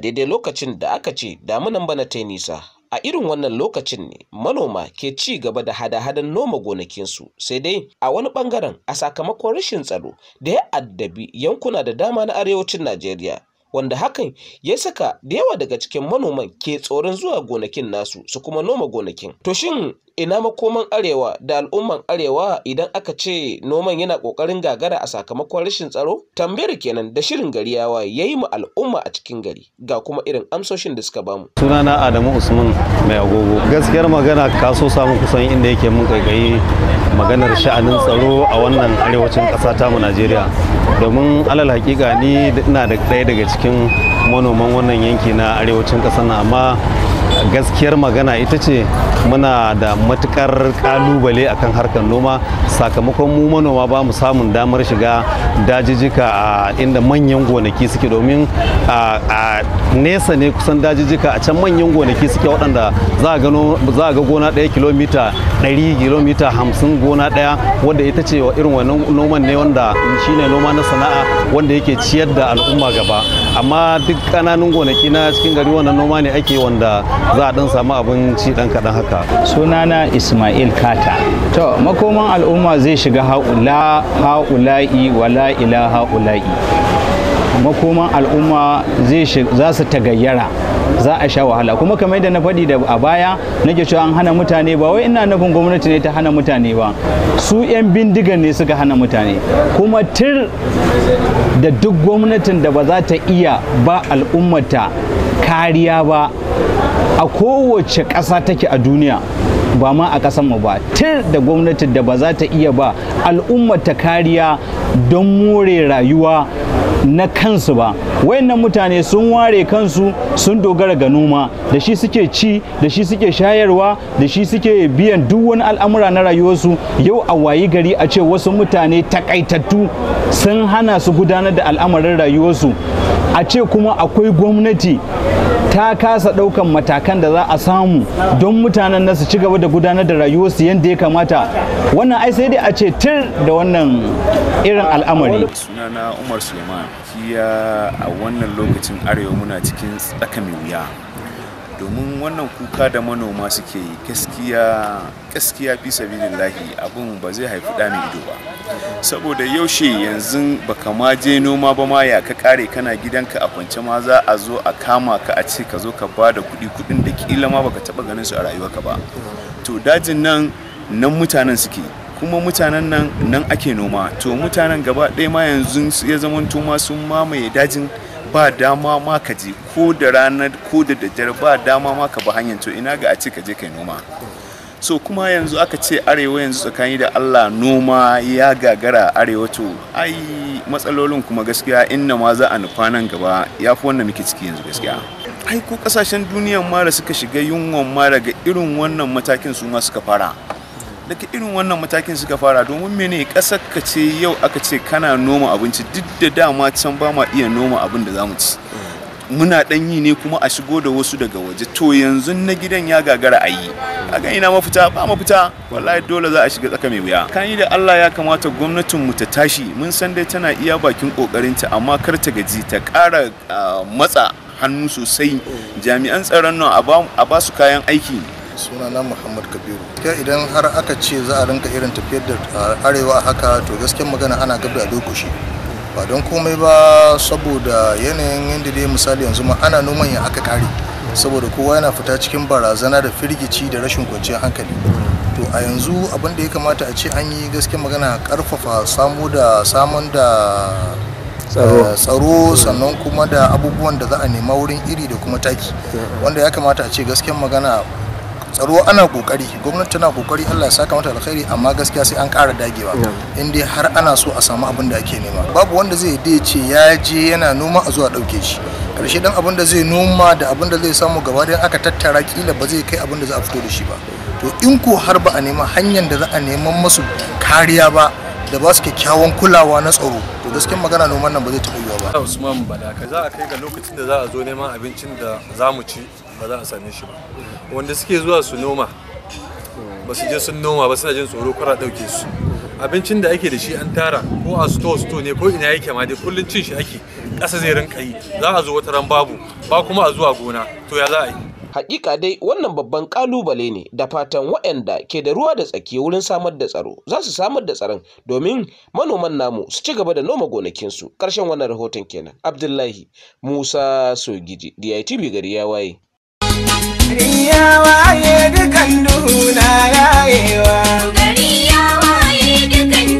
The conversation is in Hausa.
daidai lokacin da aka ce damunan bana ta nisa a irin wannan lokacin ne manoma ke ci gaba da hada-hadan noma gonakinsu sai dai a wani ɓangaren a sakamakon rashin tsaro da ya addabi yankuna da dama na arewacin najeriya wanda hakan ya saka da yawa daga cikin manoman ke tsoron zuwa gonakin nasu su kuma noma gonakin. To shin ina makoman arewa da al'umman arewa idan aka ce noman yana ƙoƙarin gagara a sakamakon rashin tsaro? Tambayar kenan da shirin gari yawa ya yi mu al'umma a cikin gari ga kuma irin amsoshin da suka bamu. Sunana Adamu Usman mai agogo. Gaskiyar magana kaso samu kusan inda yake mun kaikayi maganar sha'anin tsaro a wannan arewacin ƙasa tamu najeriya domin alal hakika ni ina da ɗaya daga cikin manoman wannan yanki na arewacin ƙasa na amma gaskiyar magana ita ce muna da matukar kalubale kan harkar noma sakamakon mu manoma ba mu samun damar shiga dajijika a inda manyan gonaki suke domin a nesa ne kusan dajijika a can manyan gonaki suke waɗanda za a ga gona ɗaya kilomita 100 kilomita 50 gona ɗaya wanda ita ce irin wannan noman ne wanda shine noma na sana'a wanda yake ciyar da al'umma gaba amma duk ƙananun gonaki na cikin gari wannan noma ne ake wanda za a dan samu abinci dan kaɗan haka sunana ismail kata to makoman al'umma zai shiga haula haula'i wala ila ula'i makoman al'umma za su tagayyara za a sha wahala kuma kamar da na faɗi da a baya nake cewa an hana mutane ba wai ina nufin gwamnati ne ta hana mutane ba su 'yan bindigan ne suka hana mutane kuma tir da duk gwamnatin da ba za ta iya ba al'ummata kariya ba a kowace ƙasa take a duniya ba ma a ƙasar mu ba tir da gwamnatin da ba za ta iya ba al'ummata kariya don more rayuwa na kansu ba wayannan mutane sun ware kansu sun dogara ga noma da shi suke ci da shi suke shayarwa da shi suke biyan duk wani al'amura na rayuwarsu yau a wayi gari a ce wasu mutane takaitattu sun hana su gudanar da al'amuran rayuwarsu a ce kuma akwai gwamnati ta kasa ɗaukan matakan da za a samu don mutanen nasu ci gaba da gudanar da su yadda ya kamata wannan ai sai dai a ce tir da wannan irin al'amari sunana umar suleiman kiya a wannan lokacin arewa muna cikin tsaka mai wuya domin wannan kuka da manoma suke yi gaskiya gaskiya fi sabilillahi abin ba zai haifi ɗa ido ba saboda yaushe yanzu baka ma je noma ba ma ya ka kare kana gidanka a kwance ma za a zo a kama ka a ce ka zo ka ba da kuɗi kuɗin da kila ma baka taba ganin su a rayuwarka ba to dajin nan nan mutanen suke kuma mutanen nan nan ake noma to mutanen gaba ɗaya ma yanzu ya zama ma sun mamaye dajin ba dama ma ka je ko da ranar ko da daddare ba dama ma ka ba hanyar to ina ga a ce ka je kai noma so kuma yanzu aka ce arewa yanzu tsakani da allah noma ya gagara arewa to ai matsalolin kuma gaskiya inna ma za a nufa nan gaba ya fi wannan muke ciki yanzu gaskiya ai ko kasashen duniyan ma da suka shiga yunwan ma daga irin wannan matakin su ma suka fara daga irin wannan matakin suka fara domin mene kasar ka ce yau aka ce kana noma abinci duk da dama can ba ma iya noma abin da za mu ci muna ɗan yi ne kuma a shigo da wasu daga waje to yanzu na gidan ya gagara a yi kaga ina mafita ba mafita wallahi dole za a shiga tsaka mai wuya kan da Allah ya kamata gwamnatin mu ta tashi mun san dai tana iya bakin kokarinta amma kar ta gaji ta kara matsa hannu sosai jami'an tsaron nan a ba su kayan aiki sunana muhammad kabiru gaskiya idan har aka ce za a rinka irin tafiyar da arewa haka to gaskiyar magana ana gab da lokaci ba don komai ba saboda yanayin yadda dai misali yanzu ma ana noman ya aka kare saboda kowa yana fita cikin barazana da firgici da rashin kwanciyar hankali to a yanzu abin da ya kamata a ce an yi gaske magana karfafa samu da samun da eh, tsaro sannan kuma da abubuwan da za a nema wurin iri da kuma taki wanda ya kamata a ce gasken magana tsaro ana kokari gwamnati tana kokari Allah ya saka mata alkhairi amma gaskiya sai an kara dagewa in dai har ana so a samu abin da ake nema babu wanda zai dai ce ya je yana noma a zuwa dauke shi karshe dan abin da zai noma da abin da zai samu gaba da aka tattara kila ba zai kai abin da za a fito da shi ba to in ko har ba a nema hanyar da za a neman masu kariya ba da ba su kyakkyawan kulawa na tsaro to gaskiyar magana noman nan ba zai taɓa yiwuwa ba. Usman kai za a kai ga lokacin da za a zo neman abincin da za mu ci ba za a same shi ba wanda suke zuwa su noma ba su je sun noma ba suna jin tsoro kwara ɗauke su abincin da ake da shi an tara ko a store store ne ko ina yake ma dai kullun cin shi ake ƙasa zai rinka yi za a zo wata ran babu ba kuma a zuwa gona to ya za a yi Hakika dai wannan babban kalubale ne da fatan waɗanda ke da ruwa da tsaki wurin samar da tsaro za su samar da tsaron domin manoman namu su ci gaba da noma gonakinsu. Karshen wannan rahoton kenan. Abdullahi Musa Sogiji, DITB gari ya waye. waye dukan duhu na yayewa gari ya waye dukan